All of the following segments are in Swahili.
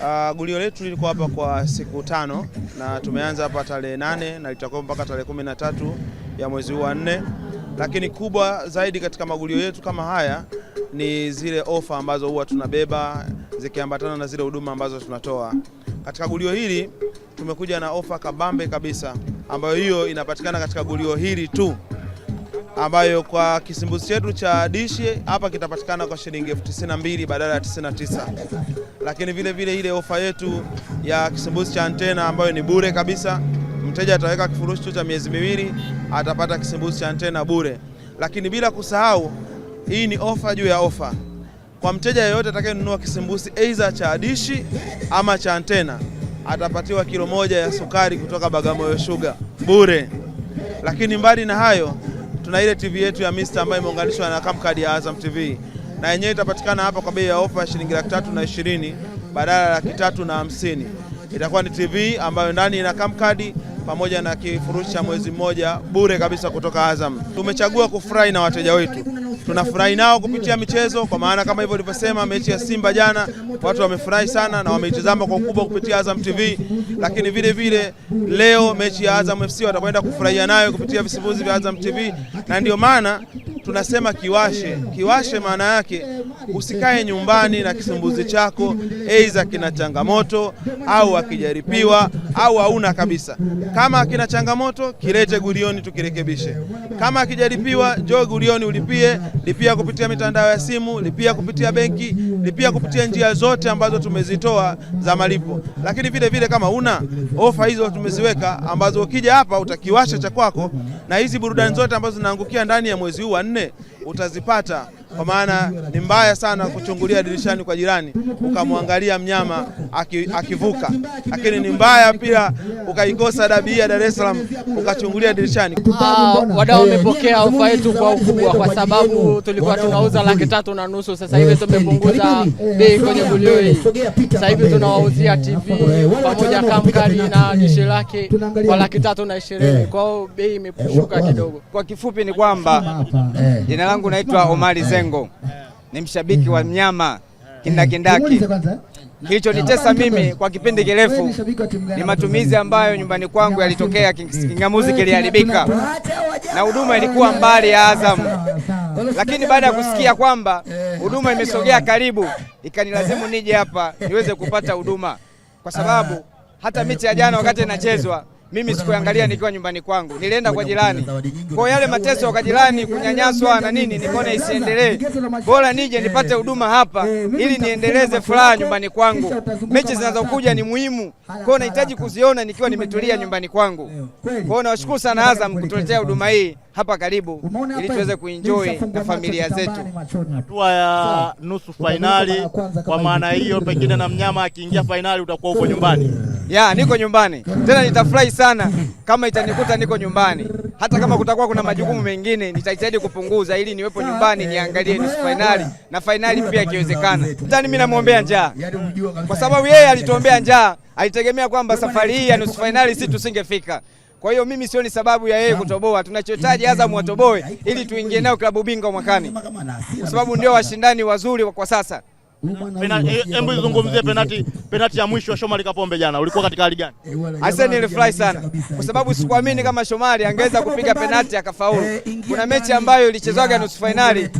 Uh, gulio letu lilikuwa hapa kwa siku tano na tumeanza hapa tarehe nane na litakuwa mpaka tarehe kumi na tatu ya mwezi huu wa nne, lakini kubwa zaidi katika magulio yetu kama haya ni zile ofa ambazo huwa tunabeba zikiambatana na zile huduma ambazo tunatoa. Katika gulio hili tumekuja na ofa kabambe kabisa ambayo hiyo inapatikana katika gulio hili tu ambayo kwa kisimbuzi chetu cha dishi hapa kitapatikana kwa shilingi elfu tisini na mbili badala ya 99. Lakini vile vile ile ofa yetu ya kisimbuzi cha antena ambayo ni bure kabisa, mteja ataweka kifurushi tu cha miezi miwili atapata kisimbuzi cha antena bure. Lakini bila kusahau, hii ni ofa juu ya ofa kwa mteja yeyote atakayenunua kisimbuzi aidha cha dishi ama cha antena atapatiwa kilo moja ya sukari kutoka Bagamoyo Sugar bure. Lakini mbali na hayo tuna ile TV yetu ya Mista ambayo imeunganishwa na Camcard ya Azam TV na yenyewe itapatikana hapa kwa bei ya ofa ya shilingi laki tatu na ishirini badala ya laki tatu na hamsini. Itakuwa ni TV ambayo ndani ina Camcard pamoja na kifurushi cha mwezi mmoja bure kabisa kutoka Azam. Tumechagua kufurahi na wateja wetu, tunafurahi nao kupitia michezo, kwa maana kama hivyo ulivyosema, mechi ya Simba jana watu wamefurahi sana na wameitazama kwa ukubwa kupitia Azam TV, lakini vile vile leo mechi ya Azam FC watakwenda kufurahia nayo kupitia visibuzi vya Azam TV, na ndio maana tunasema kiwashe. Kiwashe maana yake usikae nyumbani na kisumbuzi chako, aidha kina changamoto au akijaripiwa au hauna kabisa. Kama akina changamoto kilete gulioni tukirekebishe, kama akijaripiwa njoo gulioni ulipie, lipia kupitia mitandao ya simu, lipia kupitia benki ni pia kupitia njia zote ambazo tumezitoa za malipo, lakini vile vile kama una ofa hizo tumeziweka, ambazo ukija hapa utakiwasha cha kwako, na hizi burudani zote ambazo zinaangukia ndani ya mwezi huu wa nne utazipata kwa maana ni mbaya sana kuchungulia dirishani kwa jirani ukamwangalia mnyama akivuka, lakini ni mbaya pia ukaikosa dabi ya Dar es Salaam ukachungulia dirishani. Ah, wadau wamepokea ofa yetu kwa ukubwa, kwa sababu tulikuwa tunauza laki tatu na nusu. Sasa hivi tumepunguza bei kwenye gulio hii, sasa hivi tunawauzia TV pamoja kamkari na dishi lake kwa laki tatu na ishirini. Kwa hiyo bei imeshuka kidogo. Kwa kifupi ni kwamba jina langu naitwa Omari Zeng. Mtengo ni mshabiki wa mnyama kindakindaki. Kilichonitesa mimi kwa kipindi kirefu ni matumizi ambayo nyumbani kwangu yalitokea, kingamuzi kiliharibika na huduma ilikuwa mbali ya Azamu, lakini baada ya kusikia kwamba huduma imesogea karibu, ikanilazimu nije hapa niweze kupata huduma, kwa sababu hata mechi ya jana wakati inachezwa mimi sikuangalia nikiwa nyumbani kwangu, nilienda kwa jirani. Kwa yale mateso kwa jirani, kunyanyaswa na nini, nikone isiendelee, bora nije eh, nipate huduma hapa eh, ili niendeleze furaha nyumbani kwangu. Mechi zinazokuja ni muhimu, kwa nahitaji kuziona nikiwa nimetulia nyumbani kwangu. Kwa nawashukuru sana Azam kutuletea huduma hii hapa karibu, ili tuweze kuenjoy na familia zetu. Hatua ya nusu fainali, kwa maana hiyo pengine na mnyama akiingia fainali utakuwa uko nyumbani ya niko nyumbani tena, nitafurahi sana kama itanikuta niko nyumbani. Hata kama kutakuwa kuna majukumu mengine, nitajitahidi kupunguza ili niwepo nyumbani niangalie nusu fainali na fainali pia ikiwezekana. Tani mimi namwombea njaa, kwa sababu yeye alituombea njaa, alitegemea kwamba safari hii ya nusu finali si tusingefika. Kwa hiyo mimi sioni sababu ya yeye kutoboa. Tunachohitaji azam watoboe ili tuingie nao klabu bingwa mwakani, kwa sababu ndio washindani wazuri kwa sasa. Eh, hebu izungumzie penati, penati ya mwisho Shomari Kapombe jana, ulikuwa katika hali gani? Eh, Aise, nilifurahi sana kwa sababu sikuamini kama Shomari angeweza kupiga penati akafaulu. Eh, Kuna mechi ambayo ilichezwaga nusu fainali,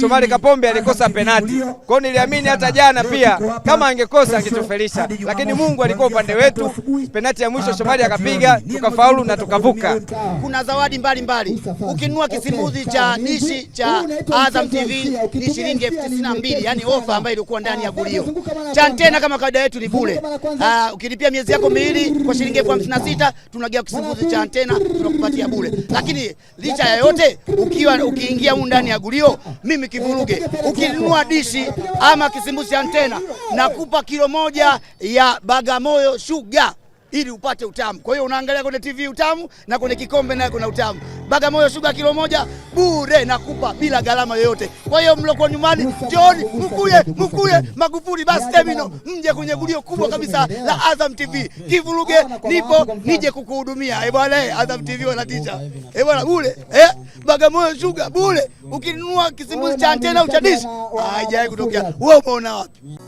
Shomari Kapombe alikosa penati, kwa hiyo niliamini hata jana pia kama angekosa angetufelisha, lakini Mungu alikuwa upande wetu. Penati ya mwisho Shomari akapiga, tukafaulu na tukavuka. Kuna zawadi mbalimbali, ukinunua kisimbuzi cha nishi cha Azam TV ni shilingi elfu tisini na mbili yani ofa ambayo kuwa ndani ya ah, gulio. cha antena kama kawaida yetu ni bure. Ah, ukilipia miezi yako miwili kwa shilingi elfu hamsini na sita tunagea kisimbuzi cha antena tunakupatia bure. Lakini licha ya yote, ukiwa ukiingia huko ndani ya gulio, mimi kivuruge, ukinunua dishi ama kisimbuzi cha antena nakupa kilo moja ya Bagamoyo Sugar ili upate utamu. Kwa hiyo unaangalia kwenye TV utamu, na kwenye kikombe naye kuna utamu. Bagamoyo Sugar kilo moja bure nakupa bila gharama yoyote. Kwa hiyo mloko nyumbani, njooni mkuye mkuye Magufuli basi terminal, mje kwenye gulio kubwa kabisa la Azam TV. Kivuruge nipo nije kukuhudumia. Eh bwana, eh, Azam TV wanatisha. Eh bwana, bure eh, Bagamoyo Sugar bure, ukinunua kisimbuzi cha antena au cha dish ah, haijai kutokea. Wewe umeona wapi?